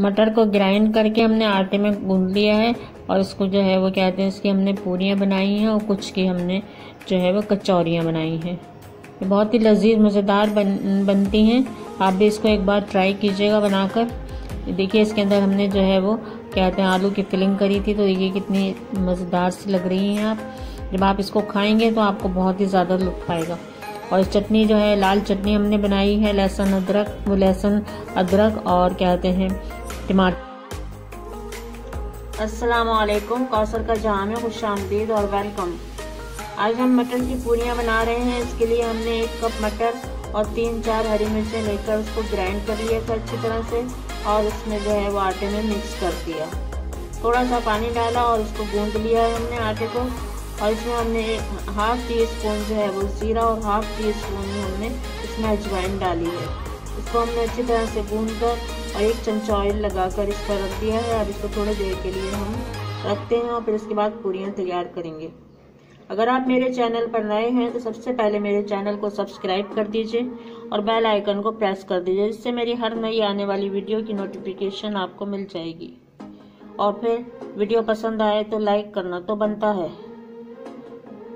मटर को ग्राइंड करके हमने आटे में गूंद लिया है और इसको जो है वो कहते हैं इसकी हमने पूरियाँ बनाई हैं और कुछ की हमने जो है वो कचौरियाँ बनाई हैं बहुत ही लजीज मज़ेदार बन बनती हैं आप भी इसको एक बार ट्राई कीजिएगा बनाकर देखिए इसके अंदर हमने जो है वो कहते हैं आलू की फिलिंग करी थी तो ये कितनी मज़ेदार सी लग रही हैं आप जब आप इसको खाएंगे तो आपको बहुत ही ज़्यादा लुत्फ आएगा और चटनी जो है लाल चटनी हमने बनाई है लहसुन अदरक वो लहसुन अदरक और कहते हैं टमाटर असलकुम कौसर का जहाँ में खुश आमदीद और वेलकम आज हम मटर की पूरियाँ बना रहे हैं इसके लिए हमने एक कप मटर और तीन चार हरी मिर्चें लेकर उसको ग्राइंड कर लिया था अच्छी तरह से और उसमें जो है वो आटे में मिक्स कर दिया थोड़ा सा पानी डाला और उसको गूंद लिया है हमने आटे को और इसमें हमने हाफ टी स्पून जो है वो ज़ीरा और हाफ टी स्पून हमने इसमें अजवाइन डाली है इसको हमने अच्छी तरह से गूंद कर और एक चमचा ऑयल लगाकर इस पर रख दिया है और इसको थोड़ी देर के लिए हम रखते हैं और फिर उसके बाद पूरियाँ तैयार करेंगे अगर आप मेरे चैनल पर नए हैं तो सबसे पहले मेरे चैनल को सब्सक्राइब कर दीजिए और बेल आइकन को प्रेस कर दीजिए जिससे मेरी हर नई आने वाली वीडियो की नोटिफिकेशन आपको मिल जाएगी और फिर वीडियो पसंद आए तो लाइक करना तो बनता है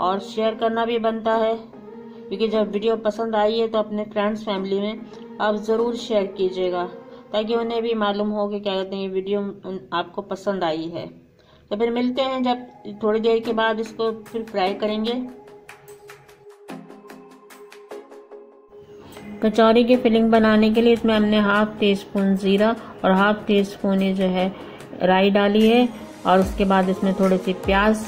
और शेयर करना भी बनता है क्योंकि जब वीडियो पसंद आई है तो अपने फ्रेंड्स फैमिली में आप ज़रूर शेयर कीजिएगा ताकि उन्हें भी मालूम हो कि क्या कहते हैं ये वीडियो आपको पसंद आई है तो फिर मिलते हैं जब थोड़ी देर के बाद इसको फिर फ्राई करेंगे कचौरी की फिलिंग बनाने के लिए इसमें हमने हाफ टी स्पून ज़ीरा और हाफ टी स्पून ये जो है राई डाली है और उसके बाद इसमें थोड़ी सी प्याज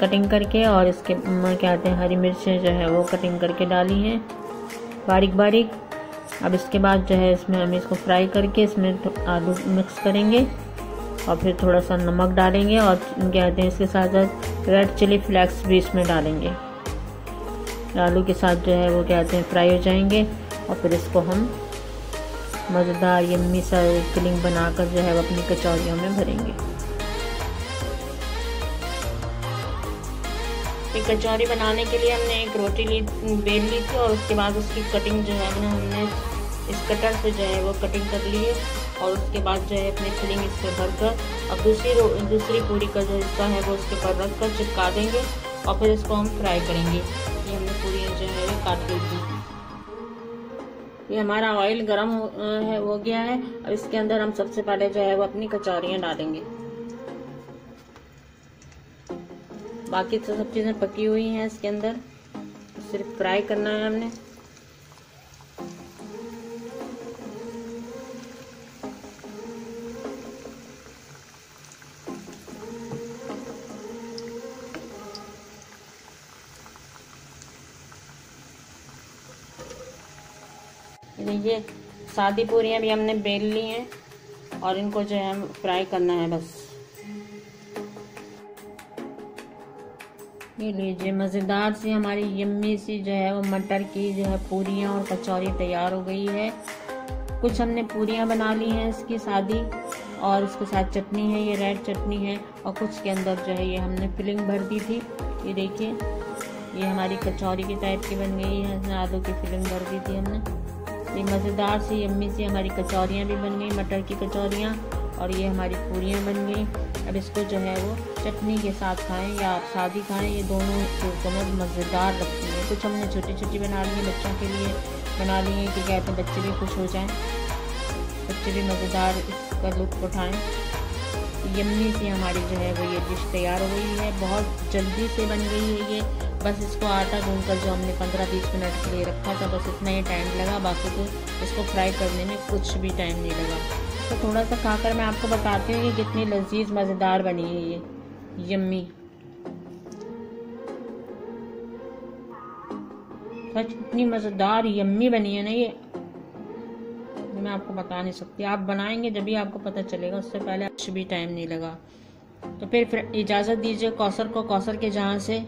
कटिंग करके और इसके क्या कहते हैं हरी मिर्चें जो है वो कटिंग करके डाली हैं बारीक बारीक अब इसके बाद जो है इसमें हम इसको फ्राई करके इसमें आलू मिक्स करेंगे और फिर थोड़ा सा नमक डालेंगे और कहते हैं इसके साथ साथ रेड चिली फ्लेक्स भी इसमें डालेंगे आलू के साथ जो है वो कहते हैं फ्राई हो जाएंगे और फिर इसको हम मज़ेदार यम्मी सा फिलिंग बनाकर जो है वो अपनी कचौरियों में भरेंगे फिर कचौरी बनाने के लिए हमने एक रोटी ली बेल ली थी और उसके बाद उसकी कटिंग जो है ना हमने इस कटर से जो है वो कटिंग कर लिए और उसके बाद जो है अपने फिलिंग इस पर भरकर अब दूसरी रो दूसरी पूरी का जो हिस्सा है वो उसके ऊपर रख कर चिपका देंगे और फिर इसको हम फ्राई करेंगे ये हमने पूरी जो है वो काट ली थी ये हमारा ऑयल गर्म है हो गया है और इसके अंदर हम सबसे पहले जो है वो अपनी कचौरियाँ डालेंगे बाकी तो सब चीज़ें पकी हुई हैं इसके अंदर सिर्फ फ्राई करना है हमने देखिए सादी पूरियाँ भी हमने बेल ली हैं और इनको जो है फ्राई करना है बस ये लीजिए मज़ेदार सी हमारी यम्मी सी जो है वो मटर की जो है पूरियाँ और कचौरी तैयार हो गई है कुछ हमने पूरियाँ बना ली हैं इसकी सादी और इसके साथ चटनी है ये रेड चटनी है और कुछ के अंदर जो है ये हमने फिलिंग भर दी थी ये देखिए ये हमारी कचौरी के टाइप की बन गई है इसमें आलू की फिलिंग भर दी थी हमने मज़ेदार सी यम्मी सी हमारी कचौरियाँ भी बन गई मटर की कचौरियाँ और ये हमारी पूरियाँ बन गई अब इसको जो है वो चटनी के साथ खाएं या आप सादी खाएं ये दोनों बहुत मज़ेदार लगती हैं कुछ हमने छोटी छोटी बना ली है बच्चों के लिए बना ली है कि कहते हैं बच्चे भी खुश हो जाएं बच्चे भी मज़ेदार इसका लुत्फ उठाएँ यम्मी से हमारी जो है वो ये डिश तैयार हो गई है बहुत जल्दी से बन गई है ये बस इसको आटा गूंद कर जो हमने 15-20 मिनट के लिए रखा था बस इतना ही टाइम लगा बाकी तो इसको फ्राई करने में कुछ भी टाइम नहीं लगा तो थोड़ा सा खाकर मैं आपको बताती हूँ कि कितनी लजीज मज़ेदार बनी है ये यम्मी सच इतनी मज़ेदार यम्मी बनी है ना ये मैं आपको बता नहीं सकती आप बनाएंगे जब भी आपको पता चलेगा उससे पहले कुछ भी टाइम नहीं लगा तो फिर इजाज़त दीजिए कौसर को कौसर के जहाँ से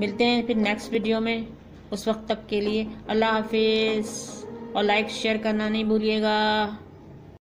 मिलते हैं फिर नेक्स्ट वीडियो में उस वक्त तक के लिए अल्लाह हाफिज़ और लाइक शेयर करना नहीं भूलिएगा